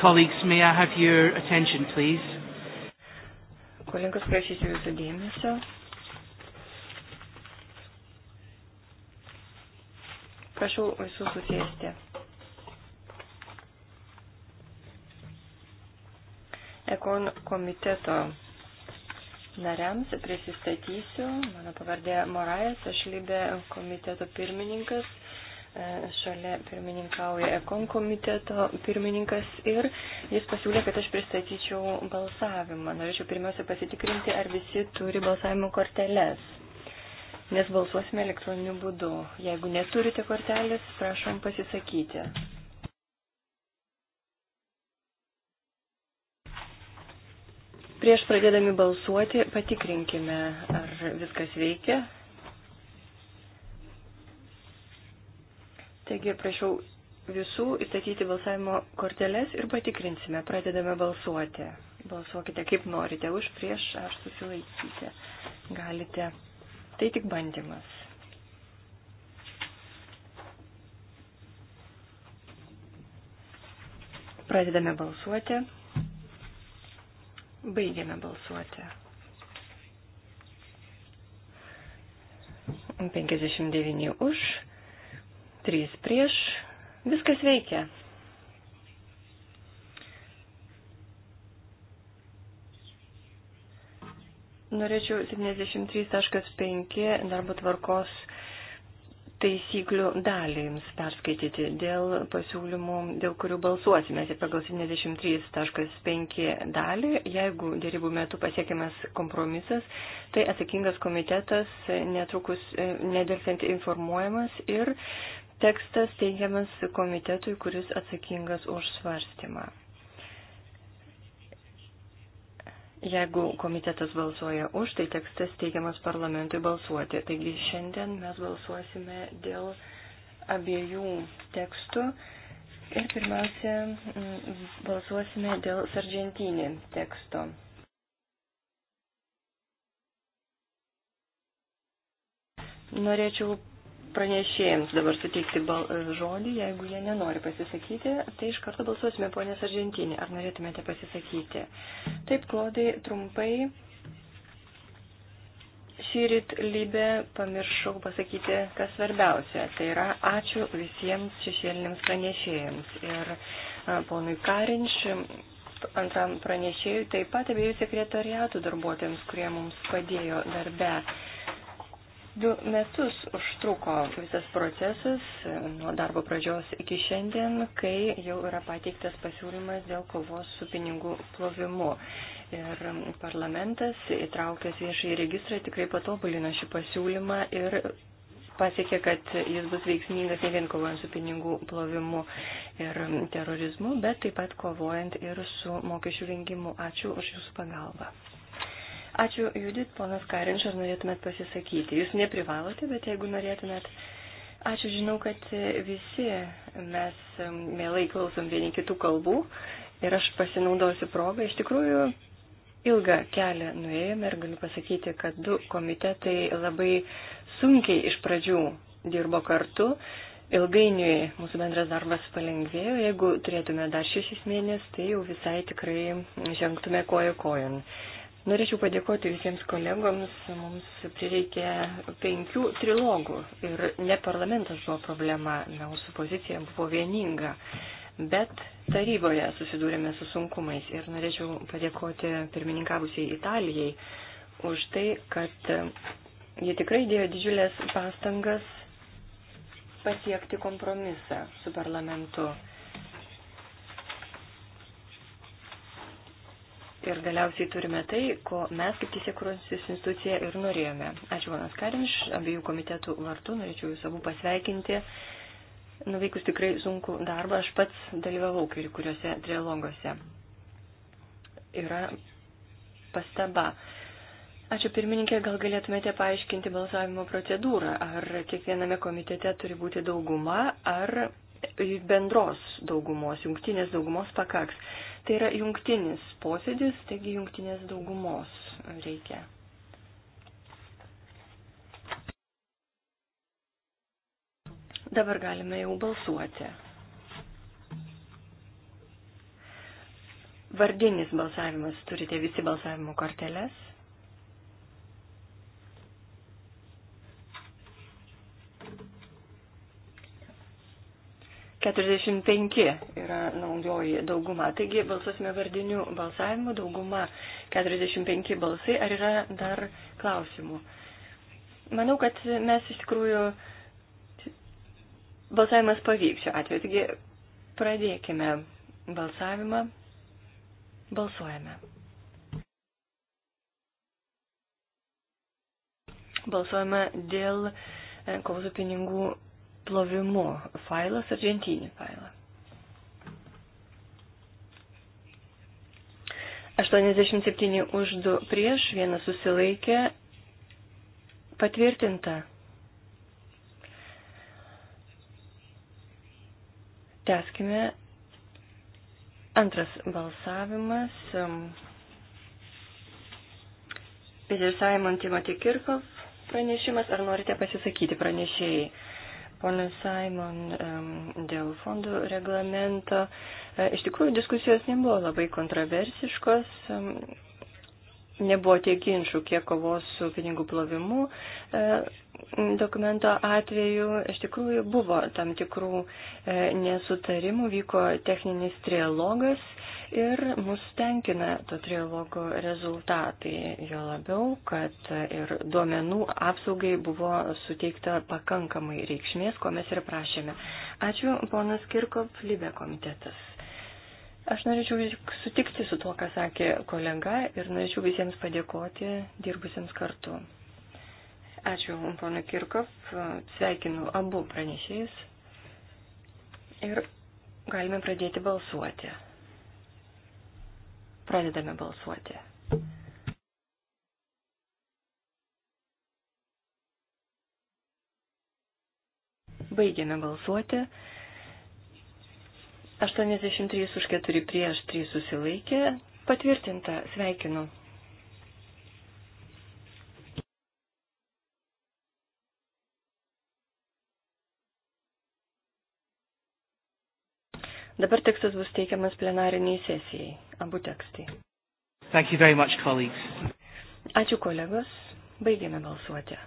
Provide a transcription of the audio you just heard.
Colleagues, may I have your attention, please? Kolegos, prašysiu jūsų dėmesio. Prašau visus susėsti. Ekon komiteto nariams prisistatysiu. Mano pavardė Morajas, aš Libė komiteto pirmininkas. E, šalia pirmininkauja Ekon komiteto pirmininkas ir jis pasiūlė, kad aš pristatyčiau balsavimą. Norėčiau pirmiausia pasitikrinti, ar visi turi balsavimo korteles, nes balsuosime elektroniniu būdu. Jeigu neturite kortelės, prašom pasisakyti. Prieš pradėdami balsuoti patikrinkime, ar viskas veikia, Taigi prašau visų įstatyti balsavimo korteles ir patikrinsime. Pradedame balsuoti. Balsuokite kaip norite, už prieš ar susilaikyti. Galite. Tai tik bandymas. Pradedame balsuoti. Baigiame balsuoti. 59 už, 3 prieš, viskas veikia. Norėčiau 73.5 darbo tvarkos taisyklių dalį jums perskaityti dėl pasiūlymų, dėl kurių balsuosime. Ir tai pagal 73.5 dalį, jeigu dėrybų metu pasiekiamas kompromisas, tai atsakingas komitetas netrukus nedelsiant informuojamas ir tekstas teigiamas komitetui, kuris atsakingas už svarstymą. Jeigu komitetas balsuoja už, tai tekstas teigiamas parlamentui balsuoti. Taigi šiandien mes balsuosime dėl abiejų tekstų. Ir pirmiausia, mm, balsuosime dėl sargentinį teksto. Norėčiau pranešėjams dabar suteikti žodį, jeigu jie nenori pasisakyti, tai iš karto balsuosime ponės Argentinį. Ar norėtumėte pasisakyti? Taip, Klodai, trumpai. Šyrit lybė pamiršau pasakyti, kas svarbiausia. Tai yra ačiū visiems šešėliniams pranešėjams. Ir ponui Karinš, antram pranešėjui, taip pat abiejų sekretariatų darbuotojams, kurie mums padėjo darbe. Du metus užtruko visas procesas e, nuo darbo pradžios iki šiandien, kai jau yra pateiktas pasiūlymas dėl kovos su pinigų plovimu. Ir parlamentas įtraukęs viešai registrą tikrai patobulino šį pasiūlymą ir pasiekė, kad jis bus veiksmingas ne vien kovojant su pinigų plovimu ir terorizmu, bet taip pat kovojant ir su mokesčių vengimu. Ačiū už Jūsų pagalbą. Ačiū, Judit, ponas Karinš, ar norėtumėt pasisakyti? Jūs neprivalote, bet jeigu norėtumėt. Ačiū, žinau, kad visi mes mielai klausom vieni kitų kalbų ir aš pasinaudosiu progą. Iš tikrųjų, ilgą kelią nuėjome ir galiu pasakyti, kad du komitetai labai sunkiai iš pradžių dirbo kartu. Ilgainiui mūsų bendras darbas palengvėjo, jeigu turėtume dar šešis mėnesius, tai jau visai tikrai žengtume kojo kojon. kojon. Norėčiau padėkoti visiems kolegoms. Mums prireikė penkių trilogų ir ne parlamentas buvo problema, na, mūsų pozicija buvo vieninga, bet taryboje susidūrėme su sunkumais ir norėčiau padėkoti pirmininkavusiai Italijai už tai, kad jie tikrai dėjo didžiulės pastangas pasiekti kompromisą su parlamentu. Ir galiausiai turime tai, ko mes kaip teisėkuros institucija ir norėjome. Ačiū, Vanas Karinš, abiejų komitetų vartų norėčiau jūs abu pasveikinti. Nuveikus tikrai sunku darbą, aš pats dalyvavau kai kuriuose trialoguose. Yra pastaba. Ačiū pirmininkė, gal galėtumėte paaiškinti balsavimo procedūrą. Ar kiekviename komitete turi būti dauguma, ar bendros daugumos, jungtinės daugumos pakaks. Tai yra jungtinis posėdis, taigi jungtinės daugumos reikia. Dabar galime jau balsuoti. Vardinis balsavimas, turite visi balsavimo korteles. 45 yra naujoji dauguma. Taigi balsuosime vardiniu balsavimu, dauguma 45 balsai. Ar yra dar klausimų? Manau, kad mes iš tikrųjų balsavimas pavyks šiuo atveju. Taigi pradėkime balsavimą. Balsuojame. Balsuojame dėl e, kovos pinigų plovimu failas argentinį failą. 87 už 2 prieš, vienas susilaikė, patvirtinta. Teskime antras balsavimas. Peter Simon Timothy Kirchhoff pranešimas. Ar norite pasisakyti pranešėjai? Pone Simon, dėl fondų reglamento. E, iš tikrųjų, diskusijos nebuvo labai kontroversiškos. Nebuvo tiek ginčių, kiek kovos su pinigų plovimu e, dokumento atveju iš tikrųjų buvo tam tikrų e, nesutarimų, vyko techninis trialogas ir mus tenkina to trialogo rezultatai. Jo labiau, kad ir duomenų apsaugai buvo suteikta pakankamai reikšmės, ko mes ir prašėme. Ačiū, ponas Kirkov, Libė komitetas. Aš norėčiau sutikti su tuo, ką sakė kolega ir norėčiau visiems padėkoti dirbusiems kartu. Ačiū, ponai Kirkov. Sveikinu abu pranešėjus. Ir galime pradėti balsuoti. Pradedame balsuoti. Baigėme balsuoti. 83 už 4 prieš 3 susilaikė. Patvirtinta. Sveikinu Dabar tekstas bus teikiamas plenariniai sesijai, abu tekstai. Much, colleagues. Ačiū kolegos, baigėme balsuoti.